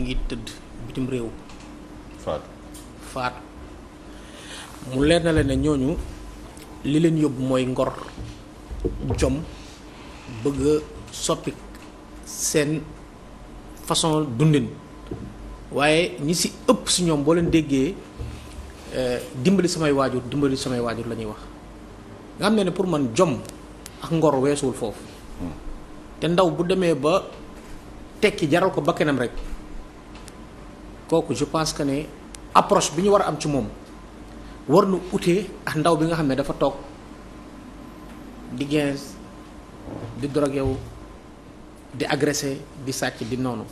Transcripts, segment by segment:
ñu ngi tëdd bitim réew. faatu mu leer na leen ne ñooñu li leen yóbbu mooy ngor jom bëgg a soppi seen façon dundin waaye ñi si ëpp si ñoom boo leen déggee euh, dimbali samay waajur dimbali samay waajur la ñuy wax nga xam ne ne pour man jom ak ngor weesuwul foofu hmm. te ndaw bu demee ba tekki jaral ko ba kenam rek kooku je pense que ne approche bi ñu war a am ci moom war na utee ak ndaw bi nga xam ne dafa toog di gens di drogué wu di agressé di sàcc di noonu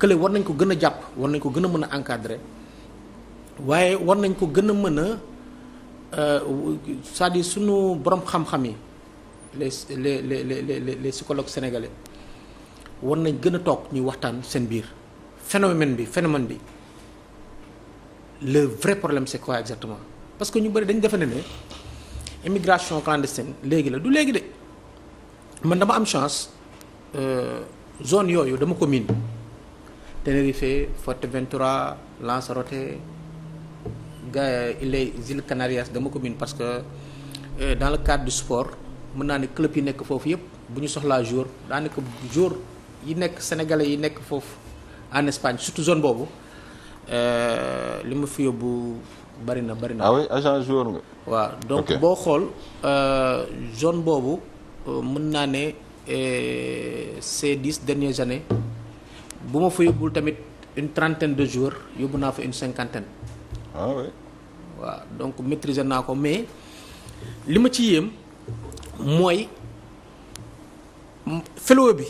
kële war nañ ko gën a jàpp war nañ ko gën a mën a encadrer waaye war nañ ko gën a mën a euh, cest à sunu borom xam-xam yi les les les les les psychologues sénégalais war nañ gën a toog ñu waxtaan seen biir. phénomène bi phénomène bi le vrai problème c'est quoi exactement parce que ñu bëri dañ defe ne ne immigration clandestine léegi la du léegi de man dama am chance euh, zone yooyu dama ko miin Tenerife Fuerteventura Lanzarote ga les îles Canarias dama ko miin parce que euh, dans le cadre du sport mën naa ne club yi nekk foofu yëpp bu ñu soxlaa jour daanaka jour yi nekk sénégalais yi nekk foofu en Espagne surtout zone boobu euh, li ma fi yóbbu bari na bari na. ah waaw donc boo xool euh, zone boobu euh, mën naa ne ces dix dernières années bu ma fa yóbbul tamit une trentaine de jours yóbbu naa fi une cinquantaine. Ah waaw donc maîtriser naa ko mais li ma ci yéem mooy felo bi.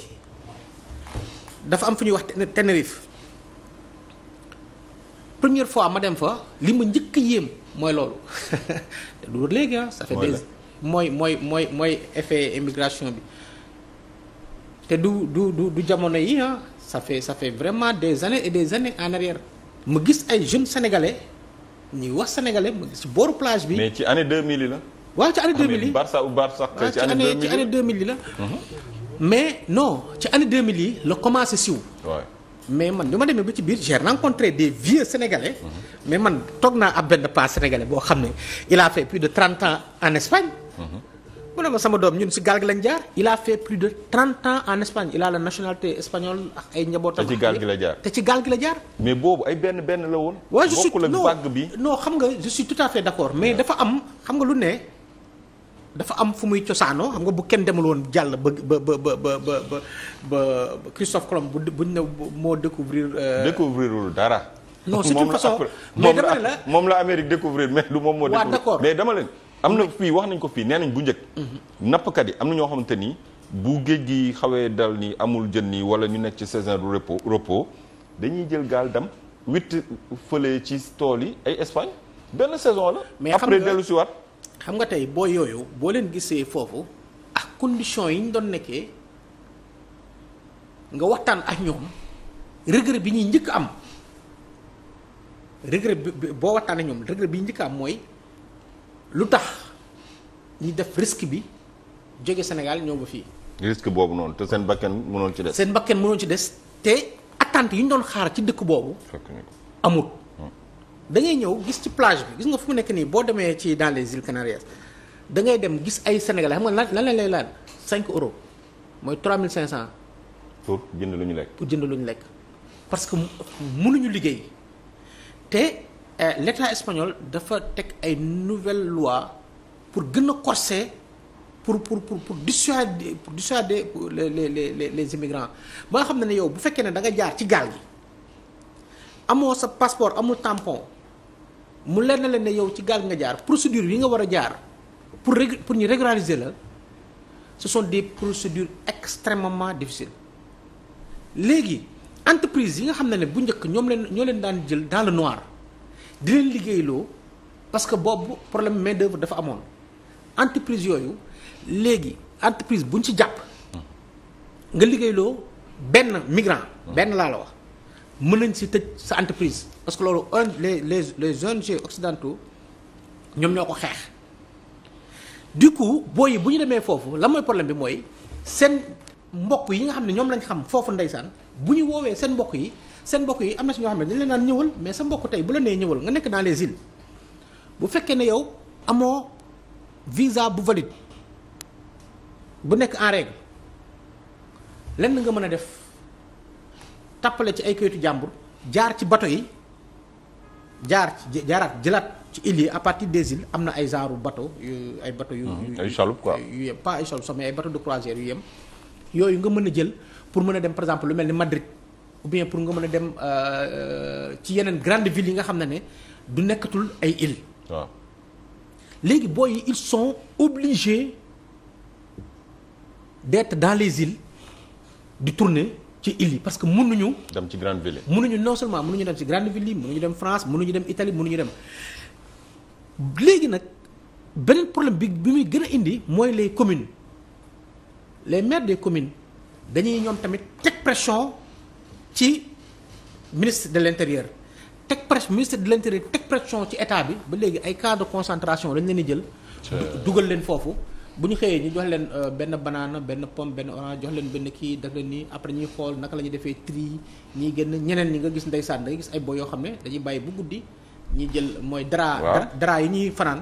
dafa am fu ñuy wax Tenerife première fois ma dem fa li ma njëkk a yéem mooy loolu te du léegi ah. ça fait des mooy mooy mooy mooy effet immigration bi te du du du du jamono yi ah ça fait ça fait vraiment des années et des années en arrière ma gis ay jeunes sénégalais ñuy wax sénégalais ma gis ci booru plage bi. mais ci année 2000 la. waaw ci année 2000 yi Barça ou Barça ci année 2000 ci année la. Mhm. mais non ci année 2000 yi la commencé siw mais man bi ma demee ba ci biir j'ai rencontré des vieux sénégalais. Mhm. mais man toog naa ab benn pas sénégalais boo xam ne il a fait plus de trente ans en Espagne. Mhm. mu ne sama doom ñun si gaal gi lañ jaar. il a fait plus de trente ans en Espagne il a la nationalité espagnole ak ay njabootam. te ci la jaar te ci gaal la jaar. mais boobu ay benn benn la woon. bokkul ak vague bi non xam nga je tout à fait d'accord mais dafa am xam nga lu ne. dafa am fu muy cosaanoo xam nga bu kenn demul woon jàll ba ba ba ba ba ba Christophe Colomb bu buñ ne moo découvrir euh, découvrirul dara. non c'est une façon mais dama ne la moom la Amérique découvrir mais du moom moo. waaw d'accord mais dama leen. am na fii wax nañ ko fii nee nañ bu njëkk. Mhm. nappkat yi am na ñoo xamante ni bu géej gi xawee dal ni amul jën nii wala ñu nekk ci saison de repos repos dañuy jël gaal dem witt fële ci tool yi ay Espagne benn saison la. mais après dellu si waat xam nga tey boo yooyu boo leen gisee foofu ak condition yi ñu doon nekkee nga waxtaan ak ñoom regret bi ñuy njëkk am regret bi boo waxtaan ak ñoom regret bi njëkk am mooy lu tax ñu def risque bi jóge Sénégal ñëw ba fii. risque boobu noonu te seen bakken mënoon ci des. seen bakken mënoon ci des te attente yi ñu doon xaar ci dëkk boobu. amut. da ñëw gis ci plage bi gis nga fu mu nekk nii boo demee ci dans les îles Canaries da dem gis ay sénégalais xam nga la lan lañ lay laal 5 euros mooy 3500. pour jënd lu ñu lekk. pour jënd lu ñu lekk parce que mënuñu liggéey te euh, l'état espagnol dafa teg ay nouvelles lois pour gën a corser pour pour pour pour dissuader pour dissuader les les les les immigrants ba nga xam ne ne yow bu fekkee ne da nga jaar ci gaal gi amoo sa passeport amul tampon. mu leer na leen ne yow ci gaal nga jaar procédure yi nga war a jaar pour rég pour ñu régulariser la ce sont des procédures extrêmement difficiles léegi entreprise yi nga xam ne ne bu njëkk ñoom leen ñoo leen daan jël dans le noir di leen liggéeyloo parce que boobu problème main d'œuvre dafa amoon entreprise yooyu léegi entreprise buñ ci jàpp nga liggéeyloo benn migrant benn laa la wax mën nañ si tëj sa entreprise parce que loolu un les les les ONG occidentaux ñoom ñoo ko xeex du coup booy yi bu ñu demee foofu la mooy problème bi mooy seen mbokk yi nga xam ne ñoom lañ xam foofu ndeysaan bu ñu woowee seen mbokk yi seen mbokk yi am na si ñoo xam ne dañ leen naan ñëwal mais sa mbokk tey bu la nee ñëwal nga nekk dans les îles bu fekkee ne yow amoo visa bu valide bu nekk en règle lenn nga mën a def. tappale ci ay kayitu jàmbur jaar ci bato yi jaar ci jaaraat jëlaat ci îles yi à partir des îles am na ay genre bato yu ay bato hmm, yu ay chaloupe quoi yu yem pas ay chaloupe sax ay bato de croisière yu yem yooyu nga mën a jël pour mën a dem par exemple lu mel ni Madrid ou bien pour nga mën a dem euh, ci yeneen grande ville yi nga xam ne ne du nekkatul ay îles léegi booy yi ils sont obligés d'être dans les îles di tourner ci île yi parce que mënuñu. dem ci grande ville mënuñu non seulement mënuñu dem ci grande ville yi mënuñu dem France mënuñu dem Italie mënuñu dem léegi nag beneen problème bi bi muy gën a indi mooy les communes les maire des commune dañuy ñoom tamit teg pression ci ministre de l'intérieur teg pression ministre de l'intérieur teg pression ci état bi ba léegi ay cas de concentration lañ leen di jël. dugal leen foofu. bu ñu xëyee ñu jox leen euh, benn banaana benn pomme benn orange jox leen benn kii def leen nii après ñuy xool naka la ñuy defee tri ñiy génn ñeneen ñi nga gis ndeysaan da gis ay boy yoo xam ne dañuy bàyyi bu guddi ñi jël mooy dara dara yi ñuy fanaan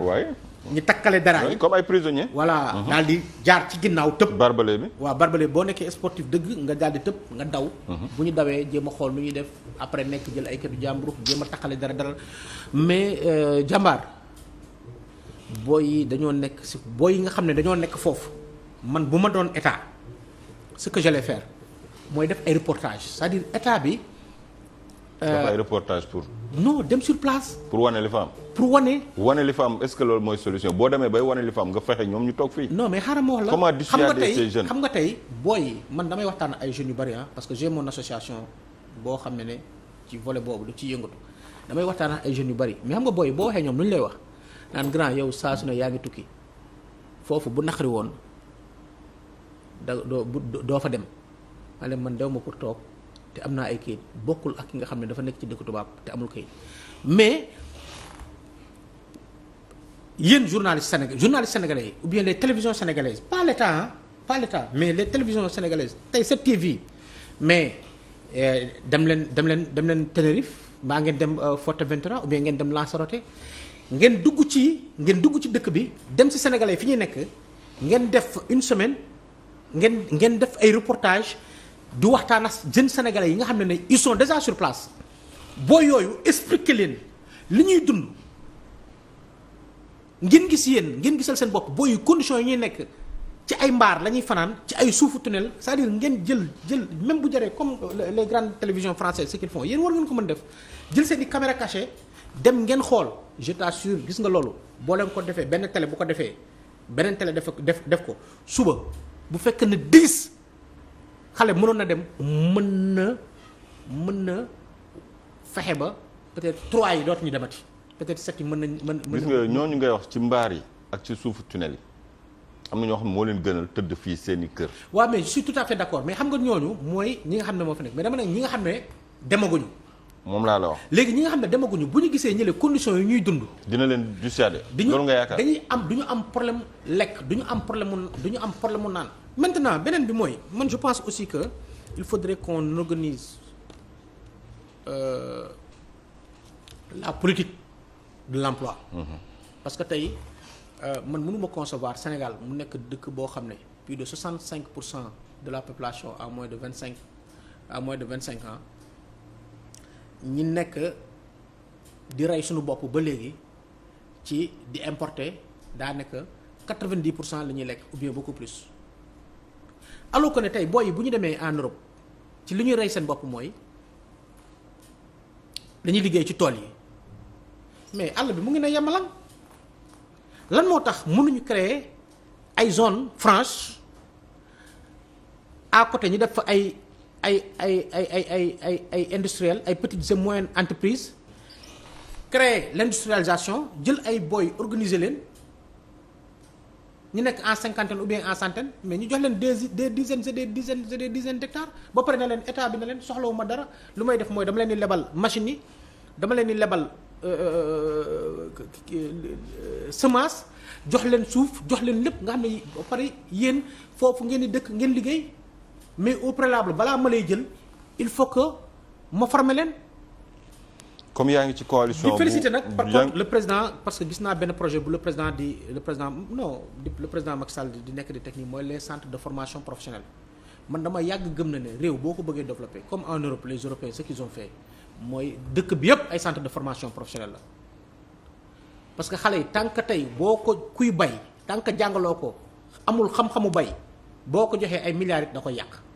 ñu takkale dara yi comme ay prisonnier voilà mhm. daal di jaar ci ginnaaw tëb barbale bi waaw barbale boo nekkee sportif dëgg nga daal di tëb nga daw mhm. bu ñu dawee jéem a xool lu ñuy def après nekk jël ay këtu jàmbur jéem a takkale dara dara mais euh, jàmbaar booy yi dañoo nekk si booy yi nga xam ne dañoo nekk foofu man bu ma doon état ce que j'allais faire mooy def ay reportage c'est-à-dire état bi. Euh, def ay reportage pour. non dem sur place. pour wane li fa am. est-ce que loolu mooy solution boo demee bay wane li fa am nga fexe ñoom ñu toog fii. non mais xaaral ma wax la xam nga tey booy yi man damay waxtaan ay jeunes yu bari ah parce que j'ai mon association boo xam ne ne ci volet boobu du ci yëngatu damay waxtaan ay jeunes yu bari mais ñoom lu ñu lay wax. naan grand yow saa su ne yaa ngi tukki foofu bu naqari woon da doo doo fa dem ma ne man dew ma pour toog te am naa ay kayit bokkul ak ki nga xam ne dafa nekk ci dëkk tubaab te amul kayit mais yéen journaliste sénégalais journaliste sénégalais yi ou bien les télévisions sénégalaises pas l'état hein pas mais les télévisions sénégalaises tey 7TV mais eh, dem leen dem leen dem leen Tenerife mbaa ngeen dem euh, Fuerteventura ou oubien ngeen dem Lanzarote ngeen dugg ci ngeen dugg ci dëkk bi dem ci sénégalais fi ñuy nekk ngeen def une semaine ngeen ngeen def ay reportage du waxtaan ak jeunes sénégalais yi nga xam ne ne ils sont déjà sur place boo yooyu expliquer leen li ñuy dund ngeen gis yéen ngeen gisal seen bopp booy yu yi ñuy nekk ci ay mbaar la ñuy fanaan ci ay suufu tunnel cest à ngeen jël jël même bu jëree comme les grandes télévisions françaises ce qu'ils font yéen war ngeen ko mën def jël se i caméra dem ngeen xool je t'assure gis nga loolu boo leen ko defee benn tele bu ko defee beneen tele def def def ko suba bu fekk ne dix xale mënoon na dem mën na mën na fexe ba peut-être trois yi ñu demati peut-être sept yi mën na mën gis nga ngay wax ci mbaar yi ak ci suufu tunnel yi am na ñoo xam ne moo leen gënal tëdd fii seen i kër waaw mais je suis tout à xam nga ñooñu mooy ñi nga xam ne moo fa nekk mais dama ne ñi nga xam ne demaguñu moom laa la wax. léegi ñi nga xam ne demaguñu bu ñu gisee ñële condition yi ñuy dund. dina leen justiciade. loolu nga yaakaar dañuy am du ñu am problème lekk du ñu am problème mu du ñu am problème mu naan. maintenant beneen bi mooy man je pense aussi que il faudrait qu'on organise euh, la politique de l'emploi. Mhm. parce que tey euh, man mënuma concevoir Sénégal mu nekk dëkk boo xam ne plus de cinq pour cent de la population à moins de vingt cinq à moins de vingt cinq ans. ñi nekk di rey suñu bopp ba léegi ci di importer daanaka quatre-vingt-dix pour cent la ñuy lekk ou bien beaucoup plus alors que ne tey booy bu ñu demee en Europe ci li ñuy rey seen bopp mooy lañuy liggéey ci tool yi mais àll bi mu ngi ne yemalang lan moo tax mënuñu créer ay zone franche à côté ñu def fa ay. ay ay ay ay ay ay ay industriels ay petites et moyennes entreprises créer l'industrialisation jël ay booy organiser leen ñu nekk en cinquantaine ou bien en centaine mais ñu jox leen des des dizaines et des dizaines et des dizaines d'hectares ba pare na leen état bi na leen soxlawu ma dara lu may def mooy dama leen di lebal machines yi dama leen di lebal euh, euh, euh, semence jox leen suuf jox leen lépp nga xam ne ba pare yéen foofu ngeen di dëkk ngeen liggéey. mais au préalable balaa ma lay jël il faut que ma forme leen. comme yaa ngi ci coalition. di féliciter nag par contre le président parce que gis naa benn projet bu le président di le président non le président Macky di nekk di technique mooy les centre de formation professionnelle man dama yàgg gëm na ne réew boo ko bëggee développer comme en Europe les Européens ce qu'ils ont fait mooy dëkk bi yëpp ay centres de formation professionnelle la. parce que xale yi tant que tey boo ko kuy bay tant que jàngaloo ko amul xam bay boo ko joxee ay milliards da koy yàq.